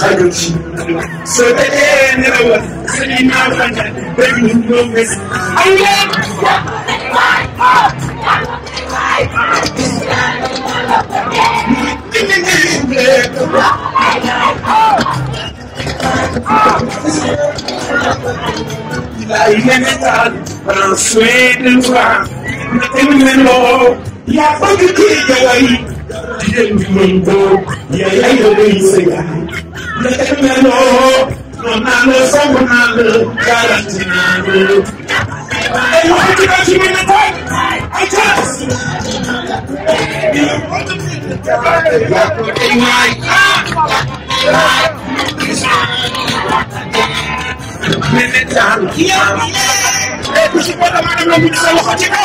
xajul ci soo dajee nelawal seen i naaw xanaa dégg ñu ñoom mes ay leen Il a une métal, prends soin de toi, ne t'aime pas, il a pas de tigre, jigéen bi mooy góor yaay ay dafay sëy naka meloo noon naa la song naa la garanti naa la ay loxo ci kaw ci mën na taaj ay taas ay waay mene taal kiyam ay ku si ko dama dama mu dama loxo ci kaw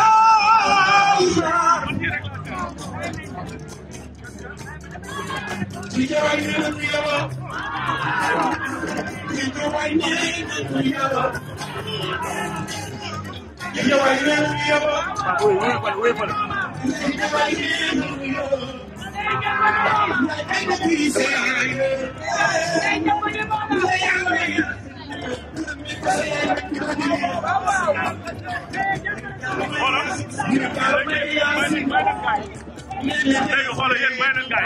你叫外面的不要了，你叫外面的不要了，你叫外面的不要了，我我我我也不能，你叫外面的不要了。Hey, hold on, yeah, man, guy.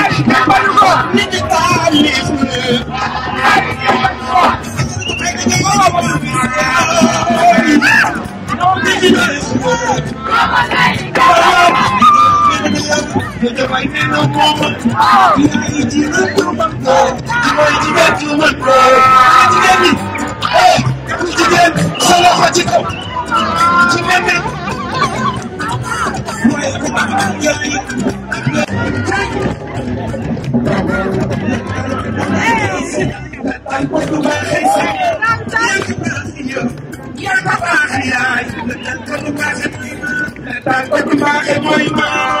não como Diga e diga que eu banco Diga e diga que eu banco Diga me Ei, diga me Só na rodinha Diga me Ai, quanto mais receio Ai, quanto mais receio Ai, quanto mais receio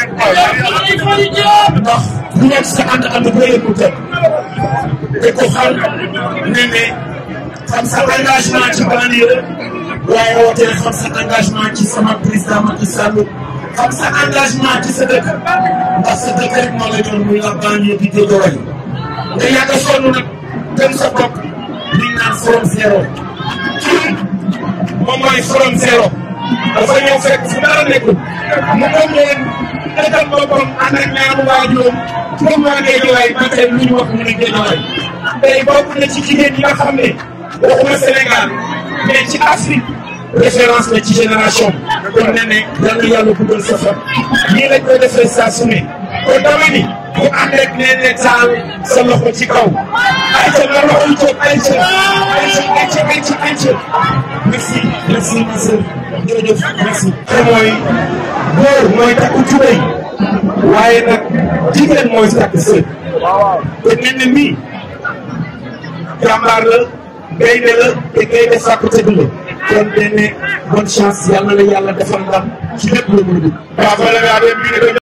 ndax bu nekk sa ànd ko xam ne ne xam sa engagement ci bannière waaye woote xam sa engagement ci sama président Macky xam sa engagement ci sa ndax sa dëkk muy la banlieue bi Guédiawaye nga yàgg a sonn nag gëm sa bopp liñ naan forum zéro kii moom dafa ñëw fekk fu dara nekkul mu ëpp leen dakkal boppam ànd ak ñaari waajuram comme waa Géejawaay man tey lu ñu wax ñu ne Géejawaay ci jigéen ñi ne waxuma Sénégal mais ci Afrique référence la ci génération kon ne ne yàlla yàlla guddal sa fan nii lañ koy defee saa su ne kon dama ni bu ànd sa loxo ci kaw ay ca la loxo jóg ay ca merci merci merci merci ma soeur jërëjëf merci. mooy góor mooy takku tubéy waaye nag jigéen mooy takku sër te nit mi jàmbaar la gaynde la te gaynde sàkku tëdd la kon dene bonne chance yàlla la yàlla defal ndam ci lépp lu mu dugg.